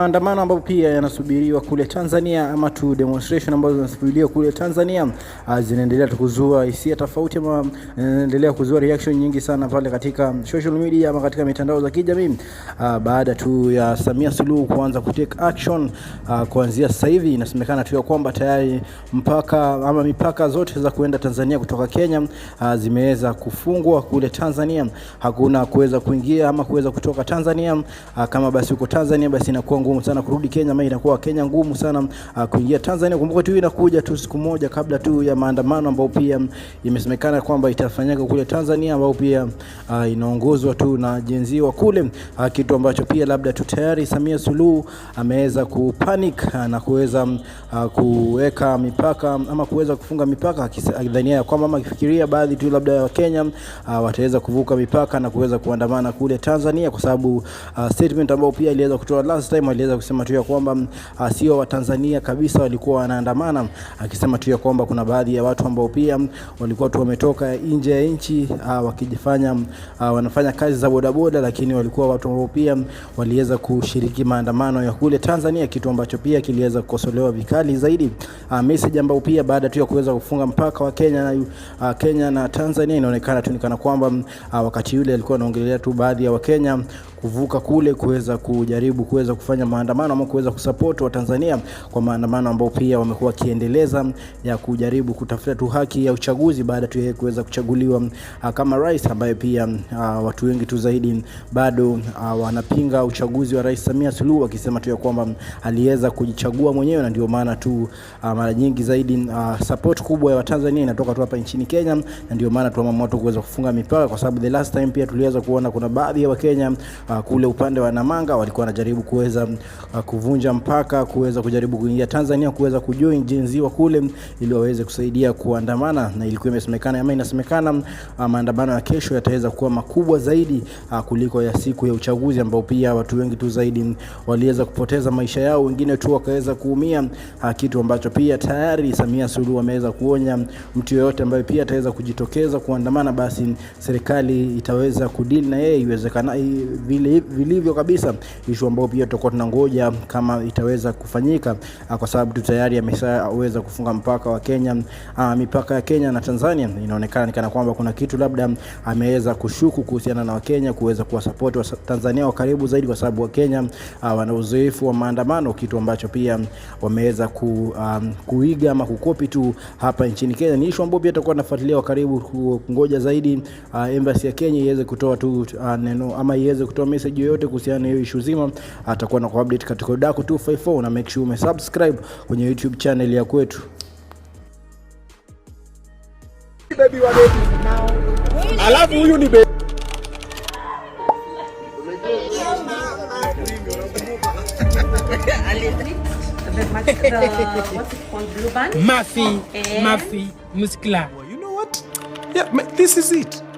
Maandamano ambayo pia yanasubiriwa kule Tanzania ama tu demonstration ambazo zinasubiriwa kule Tanzania ah, zinaendelea kuzua hisia tofauti ama eh, zinaendelea kuzua reaction nyingi sana pale katika social media ama katika mitandao za kijamii ah, baada tu ya Samia Suluhu kuanza ku take action. Ah, kuanzia sasa hivi inasemekana tu ya kwamba tayari mpaka ama mipaka zote za kuenda Tanzania kutoka Kenya zimeweza kufungwa kule Tanzania, hakuna kuweza kuingia ama kuweza kutoka Tanzania. Kama basi uko Tanzania basi inakuwa ngumu sana kurudi Kenya, maana inakuwa Kenya ngumu sana uh, kuingia Tanzania. Kumbuka tu inakuja tu siku moja kabla tu ya maandamano ambayo pia imesemekana kwamba itafanyika kule Tanzania, ambayo pia uh, inaongozwa tu na jenzi wa kule uh, kitu ambacho pia labda tu tayari Samia Suluhu ameweza kupanic uh, na kuweza uh, kuweka mipaka ama kuweza kufunga mipaka akidhania ya kwamba ama akifikiria baadhi tu labda ya Wakenya uh, wataweza kuvuka mipaka na kuweza kuandamana kule Tanzania kwa sababu uh, statement ambayo pia iliweza kutoa last time alieleza kusema tu ya kwamba ah, sio Watanzania kabisa walikuwa wanaandamana, akisema tu ya kwamba kuna baadhi ya watu ambao pia walikuwa tu wametoka nje ya nchi ah, wakijifanya ah, wanafanya kazi za bodaboda, lakini walikuwa watu ambao pia waliweza kushiriki maandamano ya kule Tanzania, kitu ambacho pia kiliweza kukosolewa vikali zaidi. Message ambayo pia baada tu ya kuweza kufunga mpaka wa Kenya na Kenya na Tanzania inaonekana tu nikana kwamba wakati yule alikuwa anaongelea tu baadhi ya Wakenya kuvuka kule kuweza kujaribu kuweza kufanya kufanya maandamano ama kuweza kusupport wa Tanzania kwa maandamano ambao pia wamekuwa kiendeleza ya kujaribu kutafuta tu haki ya uchaguzi baada tu yeye kuweza kuchaguliwa ah, kama rais, ambaye pia uh, watu wengi tu zaidi bado uh, wanapinga uchaguzi wa Rais Samia Suluhu wakisema tu ya kwamba aliweza kujichagua mwenyewe, na ndio maana tu uh, mara nyingi zaidi uh, support kubwa ya Watanzania inatoka tu hapa nchini Kenya, na ndio maana tuamua tu kuweza kufunga mipaka, kwa sababu the last time pia tuliweza kuona kuna baadhi ya Wakenya uh, kule upande wa Namanga walikuwa wanajaribu kuweza Uh, kuvunja mpaka kuweza kujaribu kuingia Tanzania kuweza kujoin jenzi wa kule ili waweze kusaidia kuandamana, na ilikuwa imesemekana ama inasemekana uh, maandamano ya kesho yataweza kuwa makubwa zaidi uh, kuliko ya siku ya uchaguzi, ambao pia watu wengi tu zaidi mm, waliweza kupoteza maisha yao, wengine tu wakaweza kuumia, kitu ambacho pia tayari Samia Suluhu ameweza kuonya mtu yoyote ambaye pia ataweza kujitokeza kuandamana, basi serikali itaweza kudili na yeye iwezekana vilivyo kabisa, ishu ambayo pia tutakuwa tunangoja kama itaweza kufanyika ah, kwa sababu tu tayari ameshaweza kufunga mpaka wa Kenya, ah, mipaka ya Kenya na Tanzania. Inaonekana ni kana kwamba kuna kitu labda ameweza kushuku kuhusiana na Wakenya kuweza kuwasapoti wa Tanzania wa karibu zaidi, kwa sababu Wakenya ah, wana uzoefu wa maandamano, kitu ambacho pia wameweza ku, um, kuiga ama kukopi tu hapa nchini Kenya. Ni issue ambayo pia tutakuwa tunafuatilia wa karibu, kungoja zaidi uh, embassy ya Kenya iweze kutoa tu uh, neno ama iweze kutoa message yoyote kuhusiana na hiyo issue zima atakuwa na kwa update katika Udaku 254 na make sure umesubscribe kwenye YouTube channel ya kwetu. Alafu huyu ni Mafi, eh. Mafi, Muskla. You know what? Yeah, this is it.